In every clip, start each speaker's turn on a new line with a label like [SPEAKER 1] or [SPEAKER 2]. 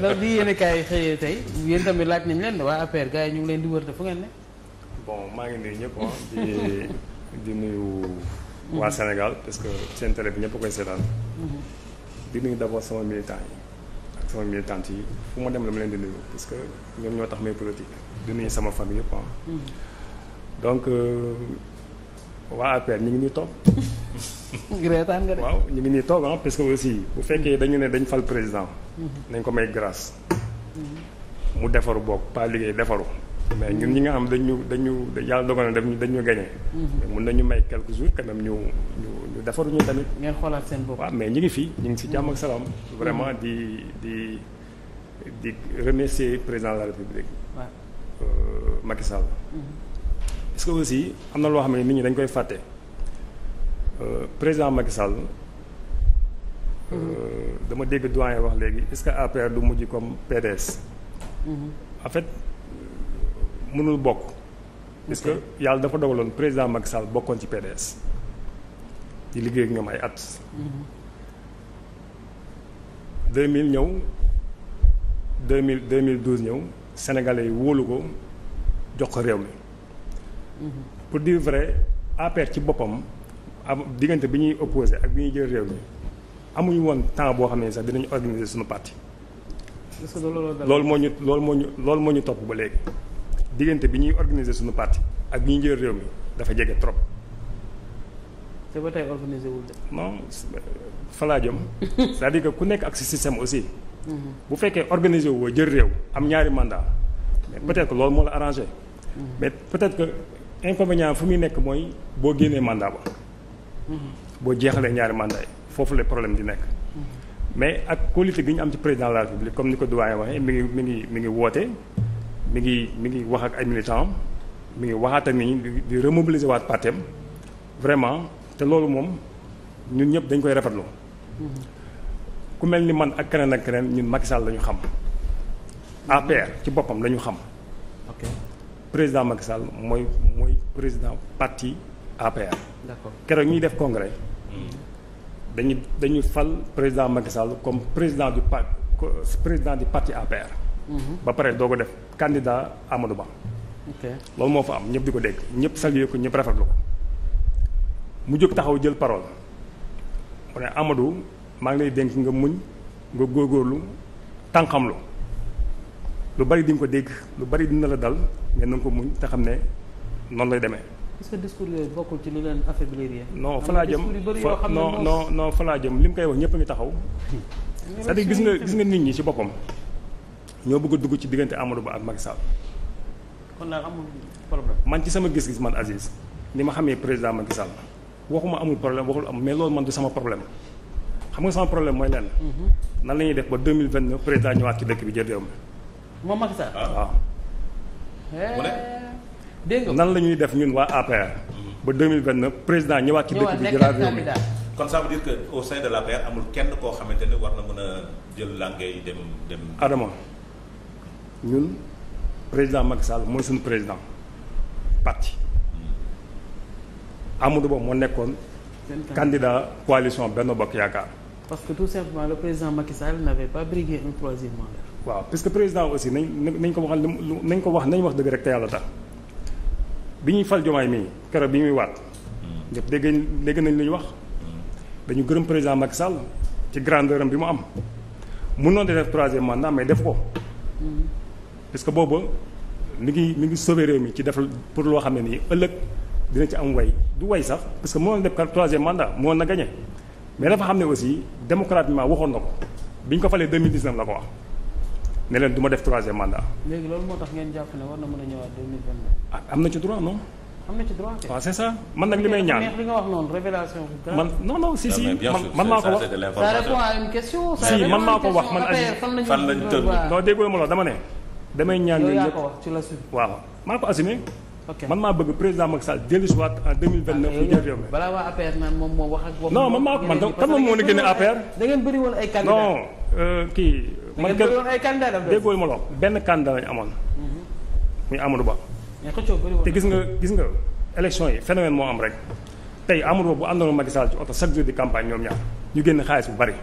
[SPEAKER 1] loolu di yéen kaay xëyee tey yéen tamit laaj nañ leen waa APR gars yi ñu ngi leen di wër te fu ngeen ne. bon maa ngi nuyu ñëpp ah, di di nuyu. waa Sénégal parce que seen télé bi ñëpp koy seetaan. Mm-hmm. di nuyu d' abord sama militant yi ak sama militante yi fu ma dem la ma leen di nuyu parce que ñoom ñoo tax may politique di nuyu sama famille yëpp ah. Mm-hmm. donc euh, waa APR ñu ngi ñuy topp. reetaan nga de. waaw ñu ngi nii toog ah parce que aussi bu fekkee dañu ne dañ fal président. Mhm. nañ ko may grâce. Mhm. mu defaru boog pas liggéey defaru. mais ñun ñi nga xam dañu dañu yàlla dogal na def ñu dañu gagné. Mhm. mun nañu may quelques jours quand ñu ñu defaru ñu tamit. ngeen xoolaat seen bopp. waaw mais ñu ngi fii ñu ngi si jàmm ak salaam. vraiment di di di remercier président de la république. waaw euh, Macky Sall. parce que aussi am na loo xam ne nit ñi dañ koy fàtte. Euh, président Macky euh, dama dégg doyen wax léegi est-ce que APR du mujj comme PDS. Mhm. en fait mënul bokk. parce que yàlla dafa dogaloon président Macky Sall bokkoon ci PDS. di liggéey ak ñoom ay at. 2000 mhm. ñëw 2000 2012 ñëw sénégalais yi wóolu ko jox ko réew mi. Mhm. pour dire vrai APR ci boppam. am diggante bi ñuy opposé ak bi ñuy jël réew mi amuñu woon temps boo xam ne sax dinañu organiser suñu parti. loolu moo ñu loolu moo ñu loolu moo ñu topp ba léegi diggante bi ñuy organiser suñu parti ak bi ñuy réew mi dafa jege trop. te ba tey organisé wul de. que ku nekk ak si système aussi. Mhm. bu fekkee organisé woo jël réew am ñaari mandat mais mhm. peut-être loolu moo la arrangé. Mhm. mais peut-être que inconvénient fu muy nekk mooy boo génnee mandat ba. boo jeexalee ñaari mandat foofu lay problème di nekk. mais ak qualité gi ñu am ci président la république comme ni ko doyen waxee mi ngi mi ngi mi ngi woote mi ngi mi ngi wax ak ay militants mi ngi waxaat ak nit ñi di remobiliser waat partem vraiment te loolu moom ñun ñëpp dañ koy rafetlu. ku mel ni man ak keneen ak keneen ñun Macky Sall la ñu xam. APR ci boppam la ñu xam. président Macky mooy mooy président parti APR. d'accord keroog ñuy def congrès mm. dañu dañu fal président Macky Sall comme président du pa président du parti APR. Mm-hmm. ba pare doo ko def candidat Amadou Ba. ok loolu moo fa am ñëpp di ko dégg ñëpp salué ko ñëpp rafetlu ko mu jóg taxaw jël parole mu ne Amadou maa ngi lay dénk nga muñ nga góorgóorlu tànqamlu lu bari di nga ko dégg lu bari dina la dal mais na ko muñ te xam ne noonu lay demee. est-ce que discours bokkul ci li leen affaiblir non fa laa jëm non non non fa laa jëm li mu koy wax ñëpp a ngi taxaw.
[SPEAKER 2] cest à gis nga gis nga
[SPEAKER 1] nit ñi ci boppam ñoo bëgg dugg ci diggante Amadou Ba ak Macky Sall. kon daal amul problème. man ci sama gis-gis man Aziz ni ma xamee président Macky Sall waxuma amul problème waxul am mais loolu man du sama problème xam nga sama problème mooy lenn. Mhm. nan la ñuy def ba deux mille vingt neuf président ñëwaat ci dëkk bi jël réew mi. moom Macky waaw. dégg nan la ñuy def ñun waa APR. ba 2029 président ñëwaat ci dëkk bi jëlaat réew mi kon ça veut dire que au sein de l'APR amul kenn koo xamante ne war na mën a jël làngay dem dem. Adama ñun président Macky Sall mooy suñu président parti hmm. Amadou Ba moo nekkoon. candidat coalition Benno Bokk Yaakaar. parce que tout simplement le président Macky Sall n'avait pas brigué un troisième mandat. waaw parce que président aussi nañ nañ ko wax nañ ko wax nañ wax dëgg rek te yàlla tax. bi ñuy fal jomaay mii keroog bi ñuy waat. Hmm. ñëpp dégg dégg nañ lu ñu wax. Hmm. dañu gërëm président Macky Sall ci grandeur bi mu am mënoon di def troisième mandat mais def ko. Hmm. parce que boobu mi ngi mu ngi sauver réew mi ci def pour loo xam ne nii ëllëg dina ci am way du way sax parce que mënoon def kat troisième mandat mënoon na gagné mais dafa xam ne aussi démocratiquement waxoon na ko bi ñu ko falee 2019 la ko wax. ne leen du ma def troisième mandat. léegi loolu moo tax ngeen jàpp ne war na mën a ñëwaat 2022. Ah, am na ci droit non. am na ci droit waaw ah, man may ñaan li nga wax noonu révélation man non non si si man maa ko wax si man maa ko wax man assume fan lañ tëdd non déggoo ma loolu dama ne damay ñaan yooyu yëpp waaw maa ko assumé man maa bëgg président Macky Sall dellu si waat en 2029 mu jël réew mi. balaa waa APR naan moom moo wax ak. non man maa ko man tam kan moom moo ne génne APR. da ngeen bëri woon ay candidats euh, kii. man kër déggoo ma la benn candidat lañu amoon. Mhm. muy Amadou Ba. te gis nga gis nga élection yi phénomène moo am rek tey Amadou Ba bu àndoon na Sall ci oto chaque jour di campagne ñoom ñaar ñu génn xaalis bu bari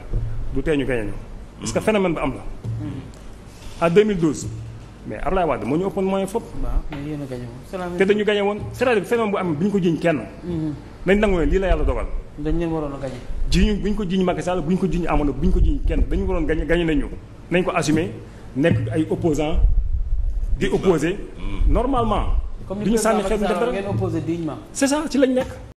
[SPEAKER 1] du tey ñu gañe ñu. parce que mhm. phénomène bi am la. à mhm. 2012. mais Ablaye Wade moo ñu ëppoon moyen fop te dañu gañe woon c'est-à-dire phénomène bu ñu ko jiñ kenn mhm. nañ nangu ne lii la yàlla dogal dañ leen waroon a bu ñu ko jiñ Macky Sall bu ñu ko jiñ amoon bu ñu ko jiñ kenn dañu waroon gañe gañe nañu nañ ko assumer nekk ay opposant di opposé mm. normalement ñu sànni xeet def dara c'est ça ci lañ nekk